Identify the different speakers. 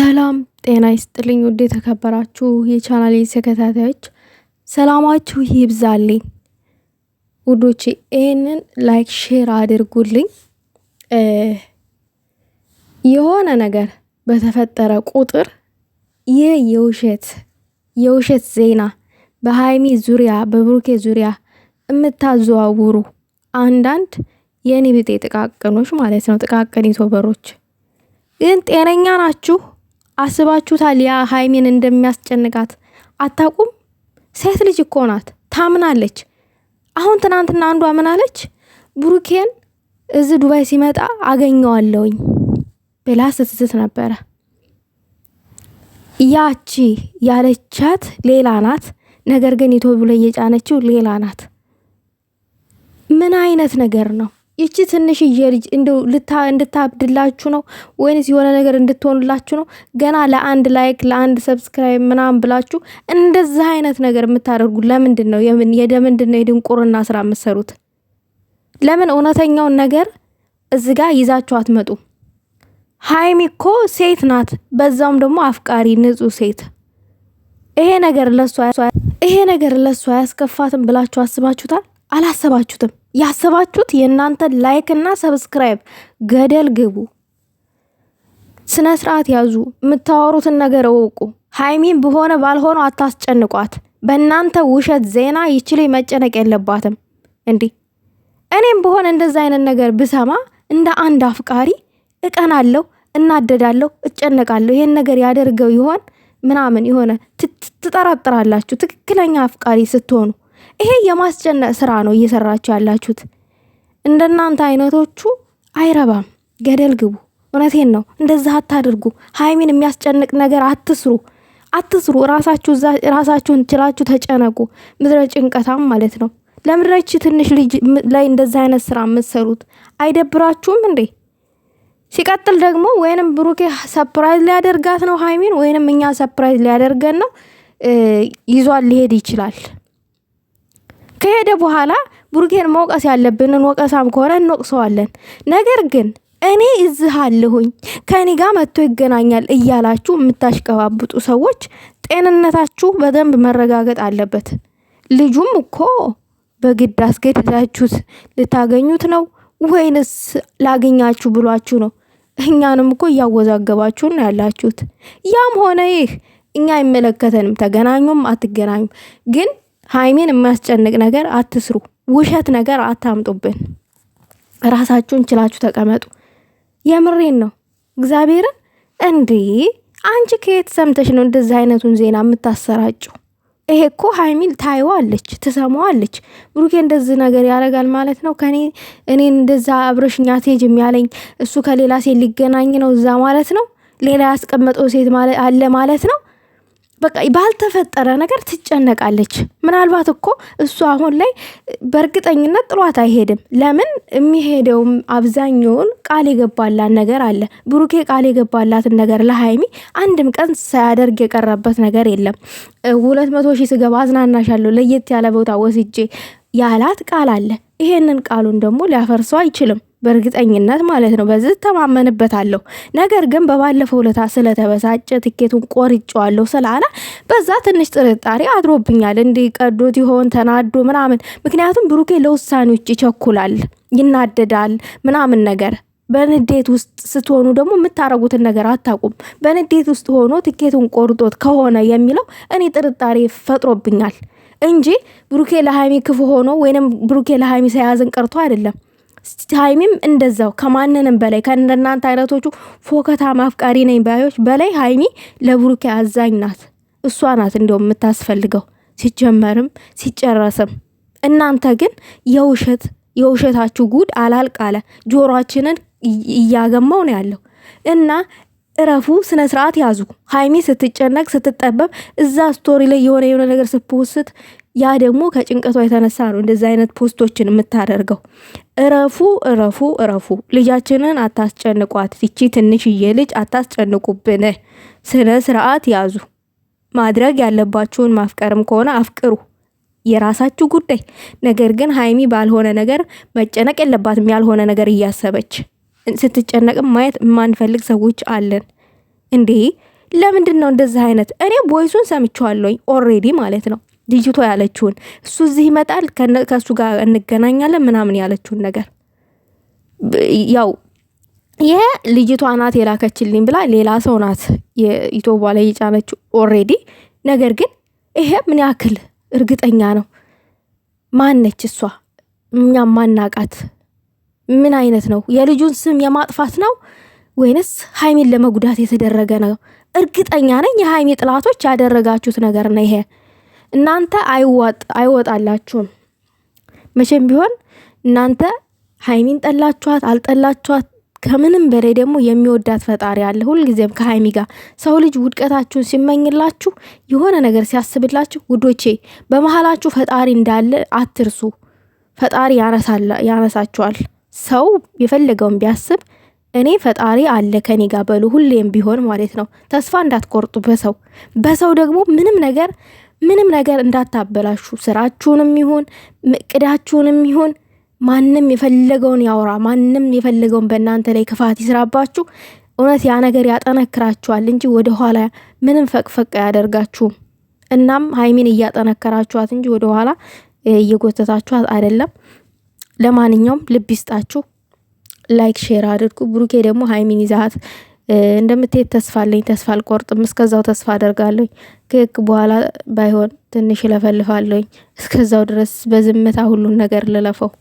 Speaker 1: ሰላም ጤና ይስጥልኝ። ውድ የተከበራችሁ የቻናሌ ተከታታዮች ሰላማችሁ ይብዛልኝ። ውዶቼ ይህንን ላይክ፣ ሼር አድርጉልኝ። የሆነ ነገር በተፈጠረ ቁጥር ይህ የውሸት የውሸት ዜና በሀይሚ ዙሪያ በብሩኬ ዙሪያ የምታዘዋውሩ አንዳንድ የኔ ብጤ ጥቃቅኖች ማለት ነው ጥቃቅን ዩቱበሮች ግን ጤነኛ ናችሁ? አስባችሁታል? ያ ሀይሜን እንደሚያስጨንቃት አታቁም። ሴት ልጅ እኮ ናት፣ ታምናለች። አሁን ትናንትና አንዷ ምናለች? ብሩኬን እዚ ዱባይ ሲመጣ አገኘዋለውኝ ብላ ስትዝት ነበረ። ያቺ ያለቻት ሌላ ናት፣ ነገር ግን ኢትዮ ብሎ እየጫነችው ሌላ ናት። ምን አይነት ነገር ነው? ይቺ ትንሽዬ ልጅ እንደው እንድታብድላችሁ ነው ወይንስ የሆነ ነገር እንድትሆኑላችሁ ነው? ገና ለአንድ ላይክ ለአንድ ሰብስክራይብ ምናምን ብላችሁ እንደዚህ አይነት ነገር የምታደርጉ ለምንድን ነው? የምንድን ነው የድንቁርና ስራ የምትሰሩት? ለምን እውነተኛውን ነገር እዚህ ጋር ይዛችሁ አትመጡ? ሀይሚ እኮ ሴት ናት፣ በዛውም ደግሞ አፍቃሪ ንጹህ ሴት። ይሄ ነገር ለሷ ይሄ ነገር ለሷ አያስከፋትም ብላችሁ አስባችሁታል? አላሰባችሁትም። ያሰባችሁት የእናንተን ላይክ እና ሰብስክራይብ ገደል ግቡ። ስነ ስርዓት ያዙ። የምታወሩትን ነገር እውቁ። ሀይሚን በሆነ ባልሆነ አታስጨንቋት። በእናንተ ውሸት ዜና ይችል መጨነቅ የለባትም። እንዲህ እኔም በሆነ እንደዚ አይነት ነገር ብሰማ እንደ አንድ አፍቃሪ እቀናለሁ፣ እናደዳለሁ፣ እጨነቃለሁ። ይሄን ነገር ያደርገው ይሆን ምናምን የሆነ ትጠራጥራላችሁ። ትክክለኛ አፍቃሪ ስትሆኑ ይሄ የማስጨነቅ ስራ ነው እየሰራችሁ ያላችሁት። እንደናንተ አይነቶቹ አይረባም፣ ገደል ግቡ። እውነቴን ነው። እንደዛ አታድርጉ። ሀይሚን የሚያስጨንቅ ነገር አትስሩ፣ አትስሩ። ራሳችሁ ራሳችሁን ችላችሁ ተጨነቁ። ምድረ ጭንቀታም ማለት ነው። ለምድረች ትንሽ ልጅ ላይ እንደዛ አይነት ስራ የምትሰሩት አይደብራችሁም እንዴ? ሲቀጥል ደግሞ ወይንም ብሩኬ ሰፕራይዝ ሊያደርጋት ነው ሀይሚን፣ ወይንም እኛ ሰፕራይዝ ሊያደርገን ነው። ይዟት ሊሄድ ይችላል። ከሄደ በኋላ ቡርጌን መውቀስ ያለብንን ወቀሳም ከሆነ እንወቅሰዋለን። ነገር ግን እኔ እዚህ አለሁኝ ከኔ ጋር መጥቶ ይገናኛል እያላችሁ የምታሽቀባብጡ ሰዎች ጤንነታችሁ በደንብ መረጋገጥ አለበት። ልጁም እኮ በግድ አስገድዳችሁት ልታገኙት ነው ወይንስ ላገኛችሁ ብሏችሁ ነው? እኛንም እኮ እያወዛገባችሁን ነው ያላችሁት። ያም ሆነ ይህ እኛ አይመለከተንም። ተገናኙም አትገናኙም ግን ሀይሜን የሚያስጨንቅ ነገር አትስሩ። ውሸት ነገር አታምጡብን። ራሳችሁን ችላችሁ ተቀመጡ። የምሬን ነው እግዚአብሔርን። እንዴ አንቺ ከየት ሰምተሽ ነው እንደዚህ አይነቱን ዜና የምታሰራጩ? ይሄ እኮ ሀይሚል ታየዋለች፣ ትሰማዋለች። ብሩኬ እንደዚህ ነገር ያደርጋል ማለት ነው ከኔ እኔን እንደዛ አብረሽኛ ሴጅ የሚያለኝ እሱ ከሌላ ሴት ሊገናኝ ነው እዛ ማለት ነው ሌላ ያስቀመጠው ሴት አለ ማለት ነው። በቃ ባልተፈጠረ ነገር ትጨነቃለች። ምናልባት እኮ እሱ አሁን ላይ በእርግጠኝነት ጥሏት አይሄድም። ለምን የሚሄደውም አብዛኛውን ቃል የገባላት ነገር አለ። ብሩኬ ቃል የገባላትን ነገር ለሀይሚ አንድም ቀን ሳያደርግ የቀረበት ነገር የለም። ሁለት መቶ ሺህ ስገባ አዝናናሻለሁ ለየት ያለ ቦታ ወስጄ ያላት ቃል አለ። ይሄንን ቃሉን ደግሞ ሊያፈርሰው አይችልም። በእርግጠኝነት ማለት ነው። በዚህ ተማመንበታለሁ። ነገር ግን በባለፈው ለታ ስለተበሳጨ ትኬቱን ቆርጬዋለሁ ስላለ በዛ ትንሽ ጥርጣሬ አድሮብኛል። እንዲቀዶት ይሆን ተናዶ ምናምን። ምክንያቱም ብሩኬ ለውሳኔዎች ይቸኩላል፣ ይናደዳል ምናምን ነገር በንዴት ውስጥ ስትሆኑ ደግሞ የምታረጉትን ነገር አታቁም። በንዴት ውስጥ ሆኖ ትኬቱን ቆርጦት ከሆነ የሚለው እኔ ጥርጣሬ ፈጥሮብኛል እንጂ ብሩኬ ለሀይሚ ክፉ ሆኖ ወይንም ብሩኬ ለሀይሚ ሳያዝን ቀርቶ አይደለም። ሀይሚም እንደዛው ከማንንም በላይ ከእናንተ አይነቶቹ ፎከታ ማፍቃሪ ነኝ ባዮች በላይ ሀይሚ ለብሩኬ አዛኝ ናት። እሷ ናት እንደውም የምታስፈልገው ሲጀመርም ሲጨረስም። እናንተ ግን የውሸት የውሸታችሁ ጉድ አላልቃለ ጆሮችንን እያገማው ነው ያለው እና እረፉ። ስነ ስርዓት ያዙ። ሀይሚ ስትጨነቅ ስትጠበብ፣ እዛ ስቶሪ ላይ የሆነ የሆነ ነገር ስትፖስት ያ ደግሞ ከጭንቀቷ የተነሳ ነው እንደዚ አይነት ፖስቶችን የምታደርገው። እረፉ እረፉ እረፉ። ልጃችንን አታስጨንቋት። ይቺ ትንሽዬ ልጅ አታስጨንቁብን። ስነ ስርዓት ያዙ። ማድረግ ያለባችሁን ማፍቀርም ከሆነ አፍቅሩ፣ የራሳችሁ ጉዳይ። ነገር ግን ሀይሚ ባልሆነ ነገር መጨነቅ የለባትም። ያልሆነ ነገር እያሰበች ስትጨነቅም ማየት የማንፈልግ ሰዎች አለን እንዴ! ለምንድን ነው እንደዚህ አይነት? እኔ ቦይሱን ሰምቼዋለሁኝ ኦልሬዲ ማለት ነው። ልጅቷ ያለችውን እሱ እዚህ ይመጣል ከእሱ ጋር እንገናኛለን ምናምን ያለችውን ነገር ያው ይሄ ልጅቷ ናት የላከችልኝ ብላ ሌላ ሰው ናት የኢትዮቧ ላይ የጫነችው ኦሬዲ። ነገር ግን ይሄ ምን ያክል እርግጠኛ ነው? ማን ነች እሷ? እኛም ማናቃት ምን አይነት ነው? የልጁን ስም የማጥፋት ነው ወይንስ ሀይሚን ለመጉዳት የተደረገ ነው? እርግጠኛ ነኝ የሀይሚ ጥላቶች ያደረጋችሁት ነገር ነው ይሄ። እናንተ አይወጣላችሁም። መቼም ቢሆን እናንተ ሀይሚን ጠላችኋት አልጠላችኋት፣ ከምንም በላይ ደግሞ የሚወዳት ፈጣሪ አለ። ሁልጊዜም ከሀይሚ ጋር ሰው ልጅ ውድቀታችሁን ሲመኝላችሁ የሆነ ነገር ሲያስብላችሁ፣ ውዶቼ በመሀላችሁ ፈጣሪ እንዳለ አትርሱ። ፈጣሪ ያነሳችኋል። ሰው የፈለገውን ቢያስብ እኔ ፈጣሪ አለ ከኔ ጋር በሉ ሁሌም ቢሆን ማለት ነው። ተስፋ እንዳትቆርጡ በሰው በሰው ደግሞ ምንም ነገር ምንም ነገር እንዳታበላሹ። ስራችሁንም ይሁን እቅዳችሁንም ይሁን ማንም የፈለገውን ያውራ፣ ማንም የፈለገውን በእናንተ ላይ ክፋት ይስራባችሁ። እውነት ያ ነገር ያጠነክራችኋል እንጂ ወደኋላ ምንም ፈቅፈቅ አያደርጋችሁም። እናም ሀይሚን እያጠነከራችኋት እንጂ ወደኋላ እየጎተታችኋት አይደለም። ለማንኛውም ልብ ይስጣችሁ። ላይክ ሼር አድርጉ። ብሩኬ ደግሞ ሀይሚን ይዛት እንደምትሄድ ተስፋ አለኝ። ተስፋ አልቆርጥም። እስከዛው ተስፋ አደርጋለኝ። ከህግ በኋላ ባይሆን ትንሽ እለፈልፋለኝ። እስከዛው ድረስ በዝምታ ሁሉን ነገር ልለፈው።